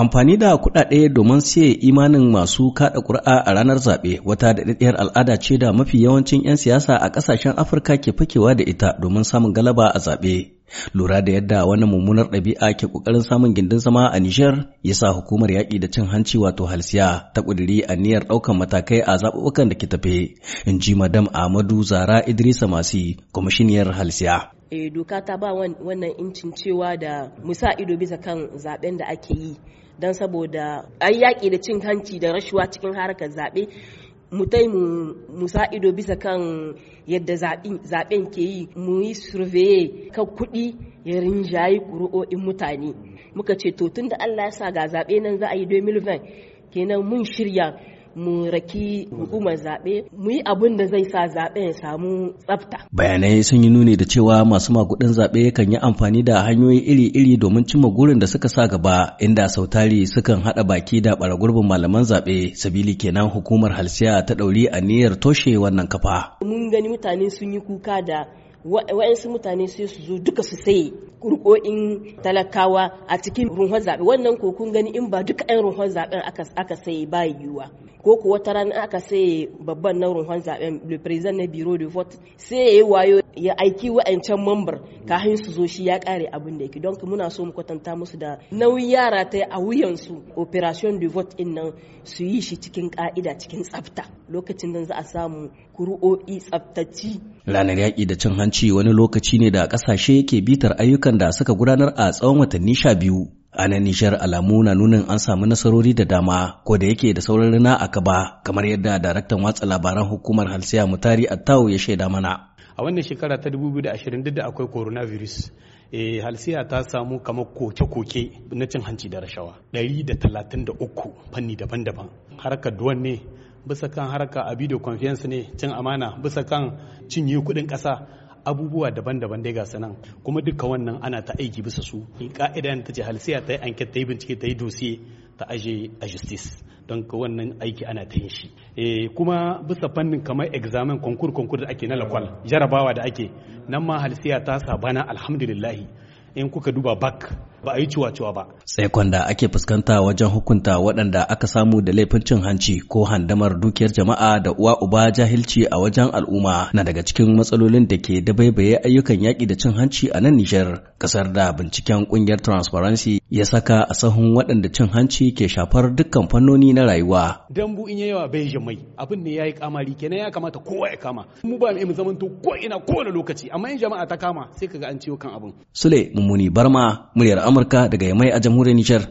Amfani da kuɗaɗe domin siye imanin masu kaɗa ƙuri'a a ranar zaɓe wata daɗaɗɗiyar al'ada ce da mafi yawancin 'yan siyasa a ƙasashen Afirka ke fakewa da ita domin samun galaba a zaɓe. Lura da yadda wani mummunar ɗabi'a ke ƙoƙarin samun gindin zama a Nijar ya sa hukumar yaƙi da cin hanci wato halsiya ta ƙudiri niyyar ɗaukar matakai a zaɓuɓɓukan da ke tafe, in ji Madam Amadu Zara Idrisa Masi, kwamishiniyar halsiya. e, doka ta ba wannan incin cewa da musa ido bisa kan zaben da ake yi don saboda an yaƙi da cin hanci da rashuwa cikin harkar zaɓe mu tai mu ido bisa kan yadda zaɓen ke yi mu yi surveye ka kuɗi ya rinjaye ƙuri'o'in mutane muka ce to tun da allah ya sa ga zaɓe nan za a yi 2020 kenan mun shirya mu raki hukumar zaɓe mu yi abun da zai sa zaɓe ya samu tsafta. Bayanai sun yi nuni da cewa masu maguɗin zaɓe kan yi amfani da hanyoyi iri-iri domin cimma gurin da suka sa gaba inda sautari sukan haɗa baki da gurbin malaman zaɓe sabili kenan hukumar halsiya ta ɗauri a niyyar toshe wannan kafa. Mun gani mutane sun yi kuka da wa'yansu mutane sai su zo duka su saye kurkoin talakawa a cikin ruhon zaɓe wannan ko kun gani in ba duka 'yan ruhon zaɓen aka saye ba yiwuwa ko kuwa tara rana aka saye babban na ruhon zaɓen le president na biro de vote sai ya yi wayo ya aiki wa'ancan mambar ka hanyar su zo shi ya kare abin da yake don muna so mu kwatanta musu da nauyi yara ta yi a wuyansu operation de vote in nan su yi shi cikin ka'ida cikin tsafta lokacin da za a samu kuru'o'i tsaftaci ranar yaƙi da cin hanci wani lokaci ne da ƙasashe ke bitar ayyukan da suka gudanar a tsawon watanni sha biyu a nishar alamu na nunin an samu nasarori da dama ko da yake da sauran rana a kaba kamar yadda daraktan watsa labaran hukumar halsiya mutari attawu ya shaida mana a wannan shekara ta 2020 duk da akwai coronavirus e, halsiya ta samu kama koke-koke na cin hanci da rashawa 133 fanni daban-daban harkar duwan ne bisa kan harka video confiance ne cin amana bisa kan cinye kudin kasa abubuwa daban-daban dai ga sanan kuma duka wannan ana ta aiki bisa su ka'ida ta ce halsiya ta yi anket ta yi bincike ta yi dosiye ta aje a justice don ka wannan aiki ana ta yin shi eh, kuma bisa fannin kamar examen konkur konkur da ake na lakwal jarabawa da ake nan ma halsiya ta sabana alhamdulillahi in kuka duba back ba a yi ciwa-ciwa ba. sai kwanda ake fuskanta wajen hukunta waɗanda aka samu da laifin cin hanci ko handamar dukiyar jama'a da uwa uba jahilci a wajen al'umma na daga cikin matsalolin da ke dabaibaye ayyukan yaƙi da cin hanci a nan Nijar, kasar da binciken ƙungiyar Transparency ya saka a sahun waɗanda cin hanci ke shafar dukkan fannoni na rayuwa. Dambu in yawa bai yi mai abin ne ya yi kamari kenan ya kamata kowa ya kama. Mu ba mu zamanto ko ina kowane lokaci amma in jama'a ta kama sai kaga an ciwo kan abin. Sule muni Barma, muryar Amurka daga Yamai a jamhuriyar Nijar.